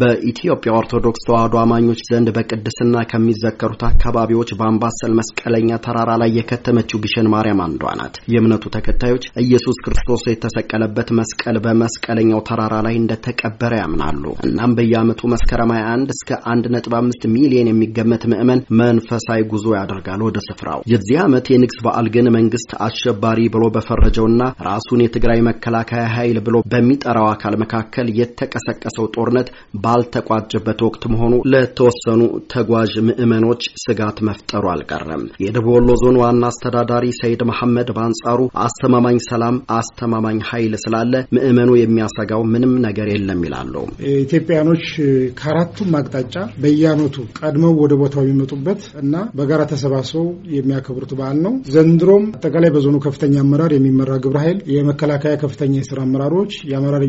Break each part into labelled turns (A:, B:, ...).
A: በኢትዮጵያ ኦርቶዶክስ ተዋሕዶ አማኞች ዘንድ በቅድስና ከሚዘከሩት አካባቢዎች በአምባሰል መስቀለኛ ተራራ ላይ የከተመችው ግሸን ማርያም አንዷ ናት። የእምነቱ ተከታዮች ኢየሱስ ክርስቶስ የተሰቀለበት መስቀል በመስቀለኛው ተራራ ላይ እንደተቀበረ ያምናሉ። እናም በየዓመቱ መስከረም 21 እስከ 1.5 ሚሊዮን የሚገመት ምዕመን መንፈሳዊ ጉዞ ያደርጋል ወደ ስፍራው። የዚህ ዓመት የንግስ በዓል ግን መንግስት አሸባሪ ብሎ በፈረጀውና ራሱን የትግራይ መከላከያ ኃይል ብሎ በሚጠራው አካል መካከል የተቀሰቀሰው ጦርነት ባልተቋጀበት ወቅት መሆኑ ለተወሰኑ ተጓዥ ምዕመኖች ስጋት መፍጠሩ አልቀረም። የደቡብ ወሎ ዞን ዋና አስተዳዳሪ ሰይድ መሐመድ በአንጻሩ አስተማማኝ ሰላም፣ አስተማማኝ ኃይል ስላለ ምዕመኑ የሚያሰጋው ምንም ነገር የለም ይላሉ።
B: ኢትዮጵያኖች ከአራቱም አቅጣጫ በየዓመቱ ቀድመው ወደ ቦታው የሚመጡበት እና በጋራ ተሰባስበው የሚያከብሩት በዓል ነው። ዘንድሮም አጠቃላይ በዞኑ ከፍተኛ አመራር የሚመራ ግብረ ኃይል፣ የመከላከያ ከፍተኛ የስራ አመራሮች፣ የአመራር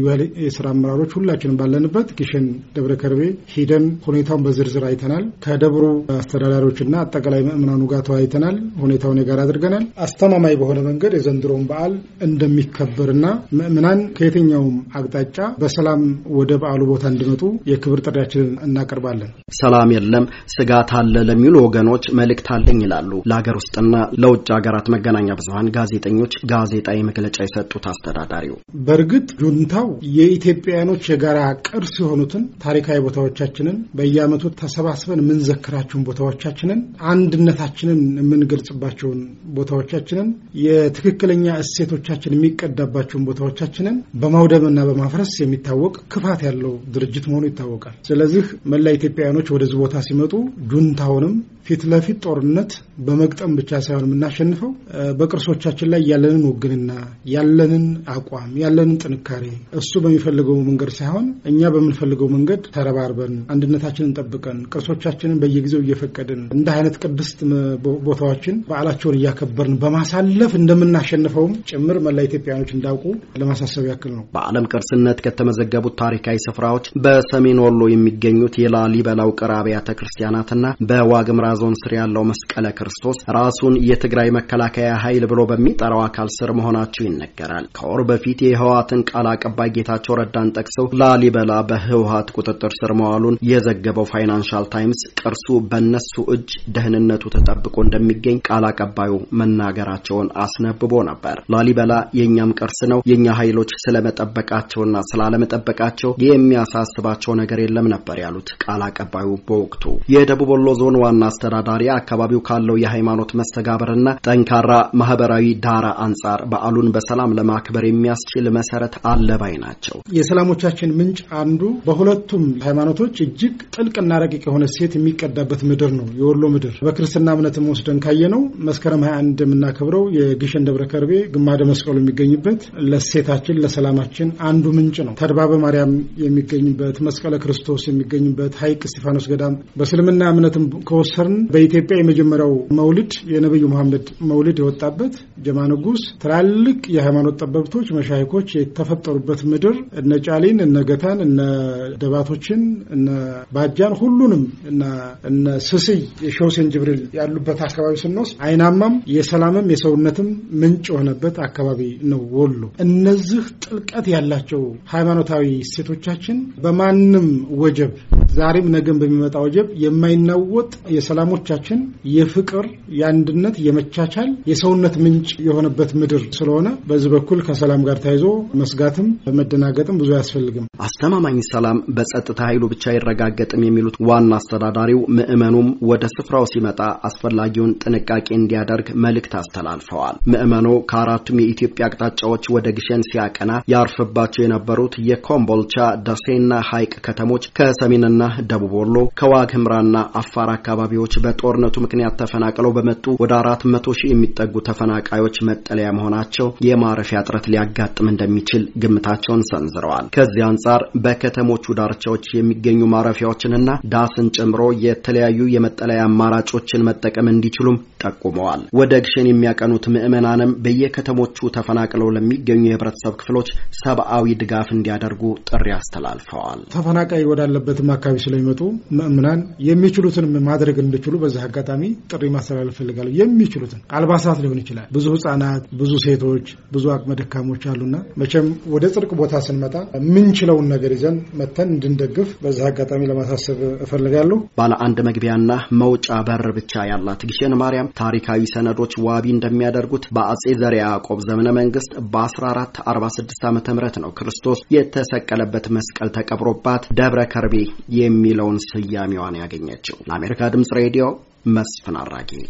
B: የስራ አመራሮች ሁላችንም ባለንበት ኪሽን ደብረ ከርቤ ሂደን ሁኔታውን በዝርዝር አይተናል። ከደብሩ አስተዳዳሪዎችና አጠቃላይ ምእምናኑ ጋር ተወያይተናል። ሁኔታውን የጋራ አድርገናል። አስተማማኝ በሆነ መንገድ የዘንድሮውን በዓል እንደሚከበርና ምእምናን ከየትኛውም አቅጣጫ በሰላም ወደ በዓሉ ቦታ እንዲመጡ የክብር ጥሪያችንን እናቀርባለን።
A: ሰላም የለም ስጋት አለ ለሚሉ ወገኖች መልእክት አለኝ ይላሉ ለሀገር ውስጥና ለውጭ ሀገራት መገናኛ ብዙሀን ጋዜጠኞች ጋዜጣዊ መግለጫ የሰጡት አስተዳዳሪው
B: በእርግጥ ጁንታው የኢትዮጵያውያኖች የጋራ ቅርስ የሆኑትን ታሪካዊ ቦታዎቻችንን በየዓመቱ ተሰባስበን የምንዘክራቸውን ቦታዎቻችንን አንድነታችንን የምንገልጽባቸውን ቦታዎቻችንን የትክክለኛ እሴቶቻችን የሚቀዳባቸውን ቦታዎቻችንን በማውደምና በማፍረስ የሚታወቅ ክፋት ያለው ድርጅት መሆኑ ይታወቃል። ስለዚህ መላ ኢትዮጵያውያኖች ወደዚህ ቦታ ሲመጡ ጁንታውንም ፊት ለፊት ጦርነት በመግጠም ብቻ ሳይሆን የምናሸንፈው በቅርሶቻችን ላይ ያለንን ውግንና ያለንን አቋም ያለንን ጥንካሬ እሱ በሚፈልገው መንገድ ሳይሆን እኛ በምንፈልገው መንገድ መንገድ ተረባርበን አንድነታችንን ጠብቀን ቅርሶቻችንን በየጊዜው እየፈቀድን እንደ አይነት ቅድስት ቦታዎችን በዓላቸውን እያከበርን በማሳለፍ እንደምናሸንፈውም ጭምር መላ ኢትዮጵያኖች እንዳውቁ ለማሳሰብ ያክል ነው።
A: በዓለም ቅርስነት ከተመዘገቡት ታሪካዊ ስፍራዎች በሰሜን ወሎ የሚገኙት የላሊበላ ውቅር አብያተ ክርስቲያናትና በዋግምራ ዞን ስር ያለው መስቀለ ክርስቶስ ራሱን የትግራይ መከላከያ ኃይል ብሎ በሚጠራው አካል ስር መሆናቸው ይነገራል። ከወር በፊት የህወሓትን ቃል አቀባይ ጌታቸው ረዳን ጠቅሰው ላሊበላ በህወሓት ቁጥጥር ስር መዋሉን የዘገበው ፋይናንሻል ታይምስ ቅርሱ በእነሱ እጅ ደህንነቱ ተጠብቆ እንደሚገኝ ቃል አቀባዩ መናገራቸውን አስነብቦ ነበር። ላሊበላ የእኛም ቅርስ ነው፣ የእኛ ኃይሎች ስለመጠበቃቸውና ስላለመጠበቃቸው የሚያሳስባቸው ነገር የለም ነበር ያሉት ቃል አቀባዩ በወቅቱ የደቡብ ወሎ ዞን ዋና አስተዳዳሪ አካባቢው ካለው የሃይማኖት መስተጋብርና ጠንካራ ማህበራዊ ዳራ አንጻር በዓሉን በሰላም ለማክበር የሚያስችል መሰረት አለባይ ናቸው።
B: የሰላሞቻችን ምንጭ አንዱ በሁለት በሁለቱም ሃይማኖቶች እጅግ ጥልቅና ረቂቅ የሆነ ሴት የሚቀዳበት ምድር ነው የወሎ ምድር። በክርስትና እምነትም ወስደን ካየ ነው መስከረም 21 እንደምናከብረው የግሸን ደብረ ከርቤ ግማደ መስቀሉ የሚገኝበት ለሴታችን ለሰላማችን አንዱ ምንጭ ነው። ተድባበ ማርያም የሚገኝበት፣ መስቀለ ክርስቶስ የሚገኝበት፣ ሀይቅ እስጢፋኖስ ገዳም በእስልምና እምነትም ከወሰርን በኢትዮጵያ የመጀመሪያው መውልድ የነቢዩ መሐመድ መውልድ የወጣበት ጀማ ንጉስ ትላልቅ የሃይማኖት ጠበብቶች መሻይኮች የተፈጠሩበት ምድር እነ ጫሊን እነ ገታን እነ ደባ ግባቶችን እነ ባጃን ሁሉንም እነ ስስይ የሸው ጅብሪል ያሉበት አካባቢ ስንወስድ አይናማም የሰላምም የሰውነትም ምንጭ የሆነበት አካባቢ ነው ወሎ። እነዚህ ጥልቀት ያላቸው ሃይማኖታዊ እሴቶቻችን በማንም ወጀብ ዛሬም ነገም በሚመጣ ወጀብ የማይናወጥ የሰላሞቻችን የፍቅር፣ የአንድነት፣ የመቻቻል የሰውነት ምንጭ የሆነበት ምድር ስለሆነ በዚህ በኩል ከሰላም ጋር ተያይዞ መስጋትም መደናገጥም ብዙ አያስፈልግም።
A: አስተማማኝ ሰላም በጸጥታ ኃይሉ ብቻ አይረጋገጥም የሚሉት ዋና አስተዳዳሪው ምዕመኑም ወደ ስፍራው ሲመጣ አስፈላጊውን ጥንቃቄ እንዲያደርግ መልእክት አስተላልፈዋል። ምዕመኑ ከአራቱም የኢትዮጵያ አቅጣጫዎች ወደ ግሸን ሲያቀና ያርፍባቸው የነበሩት የኮምቦልቻ ደሴና ሐይቅ ከተሞች ከሰሜንና ደቡብ ወሎ ከዋግ ህምራና አፋር አካባቢዎች በጦርነቱ ምክንያት ተፈናቅለው በመጡ ወደ አራት መቶ ሺህ የሚጠጉ ተፈናቃዮች መጠለያ መሆናቸው የማረፊያ እጥረት ሊያጋጥም እንደሚችል ግምታቸውን ሰንዝረዋል። ከዚህ አንጻር በከተሞቹ ዳርቻዎች የሚገኙ ማረፊያዎችንና ዳስን ጨምሮ የተለያዩ የመጠለያ አማራጮችን መጠቀም እንዲችሉም ጠቁመዋል። ወደ ግሸን የሚያቀኑት ምዕመናንም በየከተሞቹ ተፈናቅለው ለሚገኙ የህብረተሰብ ክፍሎች ሰብአዊ ድጋፍ እንዲያደርጉ ጥሪ አስተላልፈዋል።
B: ተፈናቃይ ወዳለበትም አካባቢ ስለሚመጡ ምዕምናን የሚችሉትን ማድረግ እንዲችሉ በዚህ አጋጣሚ ጥሪ ማስተላለፍ እፈልጋለሁ። የሚችሉትን አልባሳት ሊሆን ይችላል። ብዙ ህጻናት፣ ብዙ ሴቶች፣ ብዙ አቅመ ደካሞች አሉና መቼም ወደ ጽድቅ ቦታ ስንመጣ የምንችለውን ነገር ይዘን መተን እንድንደግፍ በዚህ አጋጣሚ ለማሳሰብ እፈልጋለሁ።
A: ባለ አንድ መግቢያና መውጫ በር ብቻ ያላት ግሸን ማርያም ታሪካዊ ሰነዶች ዋቢ እንደሚያደርጉት በአጼ ዘርዓ ያዕቆብ ዘመነ መንግስት በ1446 ዓ ም ነው ክርስቶስ የተሰቀለበት መስቀል ተቀብሮባት ደብረ ከርቤ የሚለውን ስያሜዋን ያገኘችው። ለአሜሪካ ድምጽ ሬዲዮ መስፍን አራጌ